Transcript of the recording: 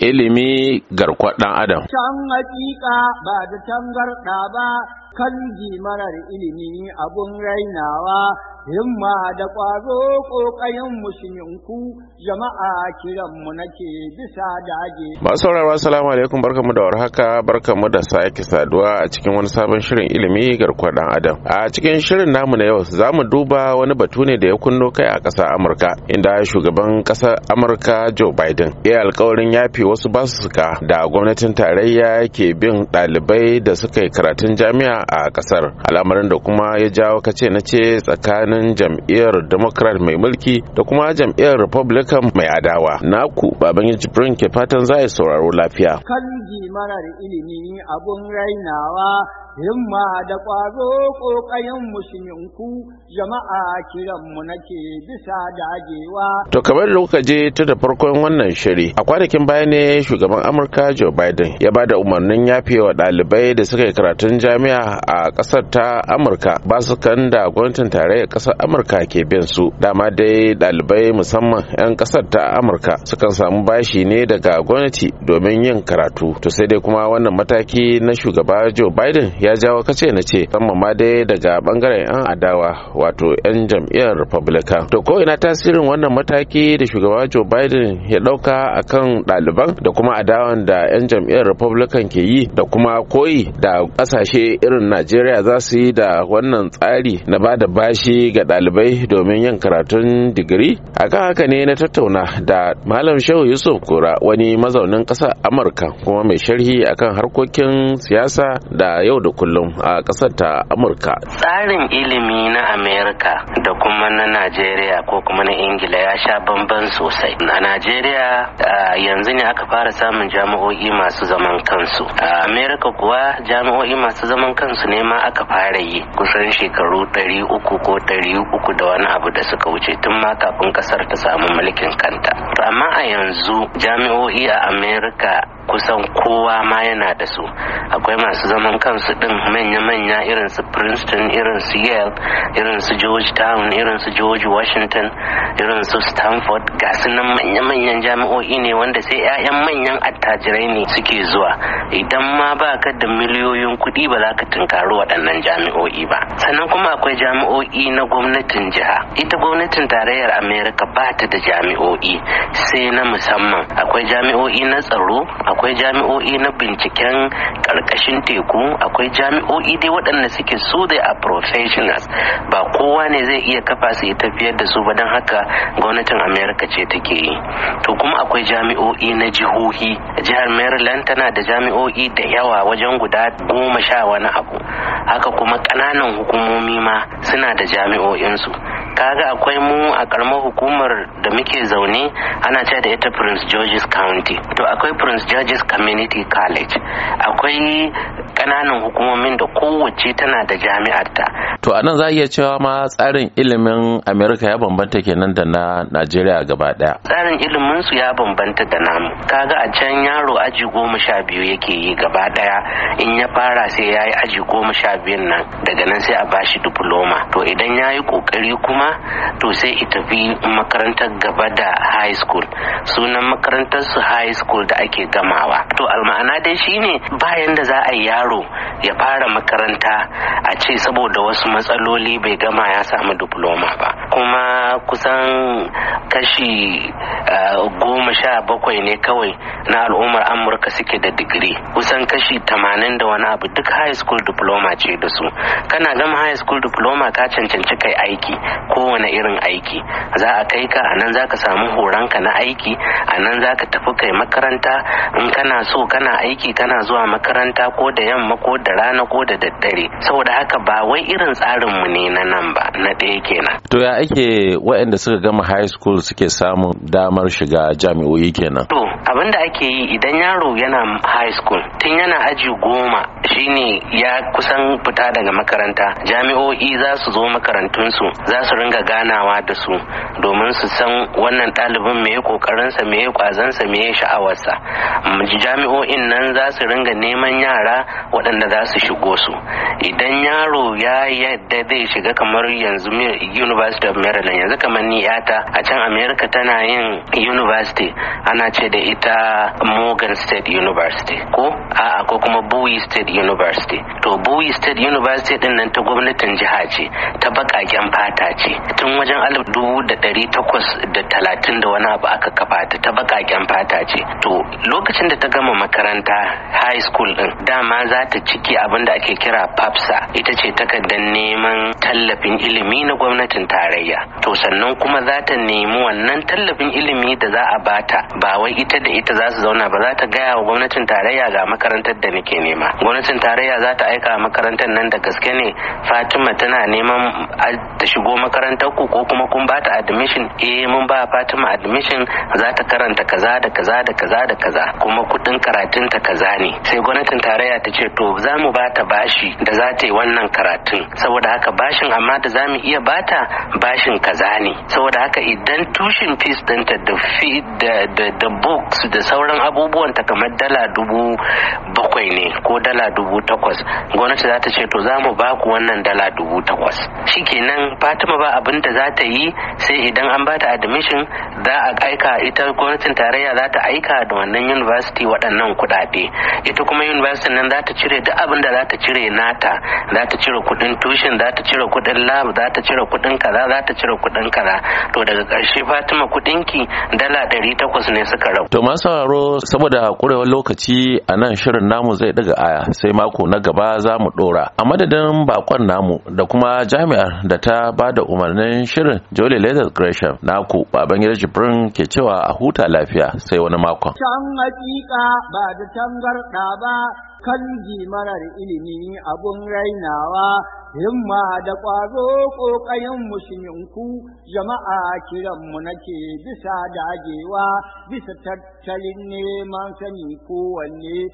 ilimi garkwar ɗan adam. Can hakika ba da tangarɗa ba kan marar ilimi abun rainawa himma da ƙwazo ƙoƙayen musulminku jama'a kiranmu mu nake bisa dage. Masu sauraro assalamu alaikum barkamu da warhaka barkamu da sake saduwa a cikin wani sabon shirin ilimi garkuwar dan adam. A cikin shirin namu na yau za mu duba wani batu ne da ya kunno kai a ƙasar Amurka inda shugaban ƙasar Amurka Joe Biden ya alƙawarin yafe wasu basuka da gwamnatin tarayya ke bin ɗalibai da suka yi karatun jami'a a ƙasar al'amarin da kuma ya jawo kace na ce tsakanin tsakanin jam'iyyar democrat mai mulki da kuma jam'iyyar republican mai adawa naku baban jibrin ke fatan za a sauraro lafiya kan marar ilimi abun rainawa himma da ƙwazo kokayen musulminku jama'a kiranmu nake bisa dagewa. To kamar da kuka je ta da farkon wannan shiri a kwanakin baya ne shugaban Amurka Joe Biden ya ba da umarnin yafewa ɗalibai da suka yi karatun jami'a a ƙasar ta Amurka ba su kan da gwamnatin tarayyar kasar amurka ke bin su dama dai dalibai musamman 'yan kasar ta amurka sukan samu bashi ne daga gwamnati domin yin karatu to sai dai kuma wannan mataki na shugaba joe biden ya jawo kace na ce musamman ma dai daga bangaren 'yan adawa wato 'yan jam'iyyar republican to ko ina tasirin wannan mataki da shugaba joe biden ya ɗauka akan ɗaliban da kuma adawan da 'yan jam'iyyar republican ke yi da kuma koyi da kasashe irin najeriya za su yi da wannan tsari na ba da bashi ga ɗalibai domin yin karatun digiri akan haka ne na tattauna da malam shehu yusuf kura wani mazaunin ƙasar amurka kuma mai sharhi akan harkokin siyasa da yau da kullum a ƙasar ta amurka tsarin ilimi na amerika da kuma na najeriya ko kuma na ingila ya sha bamban sosai a najeriya yanzu ne aka fara samun jami'o'i masu zaman kansu a amerika kuwa jami'o'i masu zaman kansu ne ma aka fara yi kusan shekaru uku ko ɗari uku da wani abu da suka wuce tun ma kafin kasar ta samu mulkin kanta amma a yanzu jami'o'i a amerika kusan kowa ma yana da su akwai masu zaman kansu din manya-manya irin su princeton irin su yale irin su georgetown irin su george washington irin su stanford ga nan manya-manyan jami'o'i ne wanda sai 'ya'yan manyan attajirai ne suke zuwa idan ma ba ka da miliyoyin kuɗi ba za ka tunkari waɗannan jami'o'i ba sannan kuma akwai jami'o'i na gwamnatin jiha ita gwamnatin tarayyar Amerika ba ta da jami'o'i sai na musamman akwai jami'o'i na tsaro akwai jami'o'i na binciken karkashin teku akwai jami'o'i dai waɗanda suke su da a professionals ba kowa ne zai iya kafa su yi tafiyar da su ba don haka gwamnatin america ce take yi to kuma akwai jami'o'i na jihohi jihar maryland tana da jami'o'i da yawa wajen guda goma sha wani abu haka kuma ƙananan hukumomi ma suna da jami'o'insu kaga akwai mu a karamar hukumar da muke zaune ana ce da ita prince george's county to akwai prince george's community college akwai kananan hukumomin da kowace tana da jami'arta. To a nan za a iya cewa ma tsarin ilimin Amerika ya bambanta kenan da na Najeriya gaba ɗaya. Tsarin ilimin su ya bambanta da namu. Kaga a can yaro aji goma sha biyu yake yi gaba ɗaya in ya fara sai ya yi aji goma sha biyun nan daga nan sai a bashi diploma. To idan ya yi ƙoƙari kuma to sai i tafi makarantar gaba da high school. Sunan makarantar su high school da ake gamawa. To alma'ana dai shine bayan da za a yi yaro yaro ya fara makaranta a ce saboda wasu matsaloli bai gama ya samu diploma ba kuma kusan kashi eh, goma sha bakwai ne kawai na al'ummar amurka suke da digiri kusan kashi tamanin da wani abu duk high school diploma ce da su kana gama high school diploma ka cancanci kai aiki kowane irin aiki za a kai ka a nan za ka samu horonka na aiki a nan za ka tafi kai makaranta in kana so kana aiki kana zuwa makaranta ko da yamma yamma ko da rana ko da daddare saboda haka ba wai irin tsarin mu ne na nan ba na ɗaya kenan to ya ake waɗanda suka gama high school suke samun damar shiga jami'o'i kenan to abin da ake yi idan yaro yana high school tun yana aji goma shine ya kusan fita daga makaranta jami'o'i za su zo makarantunsu za su ringa ganawa da su domin su san wannan ɗalibin me ya ƙoƙarinsa me ya ƙwazansa me ya sha'awarsa jami'o'in nan za su ringa neman yara waɗanda za su shigo su idan yaro ya yadda zai shiga kamar yanzu university of maryland yanzu kamar ni yata a can america tana yin university ana ce da ita morgan state university ko a'a ko kuma bowie state university to bowie state university din nan ta gwamnatin jiha ce ta baƙaƙen fata ce tun wajen alif dubu da ɗari takwas da talatin da wani abu aka kafa ta ta bakaken fata ce to lokacin da ta gama makaranta high school din dama za za ta ciki abin da ake kira fafsa ita ce takardar neman tallafin ilimi na gwamnatin tarayya to sannan kuma za ta nemi wannan tallafin ilimi da za a bata ba wai ita da ita za su zauna ba za ta gaya wa gwamnatin tarayya ga makarantar da nake nema gwamnatin tarayya za ta aika makarantar nan da gaske ne fatima tana neman ta shigo makarantar ku ko kuma kun bata admission eh mun ba fatima admission za ta karanta kaza da kaza da kaza da kaza kuma kudin karatun ta kaza ne sai gwamnatin tarayya ta ce to za mu ba bashi da za ta yi wannan karatun saboda haka bashin amma da za mu iya bata bashin kaza ne saboda haka idan tushen fees ɗinta da da da books da sauran abubuwan ta kamar dala dubu bakwai ne ko dala dubu takwas gwamnati za ta ce to za mu baku wannan dala dubu takwas shikenan fatima ba abin da za ta yi sai idan an bata admission za a aika ita gwamnatin tarayya za ta aika da wannan university waɗannan kuɗaɗe ita kuma university nan za ta cire duk abin da za ta cire nata za ta cire kudin tushen za ta cire kudin lab za ta cire kudin kaza za ta cire kudin kaza to daga karshe fatima kudinki dala ɗari takwas ne suka rabu. to masu sauraro saboda kurewar lokaci a nan shirin namu zai daga aya sai mako na gaba za mu dora a madadin bakon namu da kuma jami'ar da ta ba da umarnin shirin jole leather gresham naku babangida jibrin ke cewa a huta lafiya sai wani makon. can hakika ba da tangarɗa ba kanji marar ilimi abun rainawa himma da ƙwazo ƙoƙayen musulunku, jama'a mu nake bisa dagewa bisa tattalin neman sani kowanne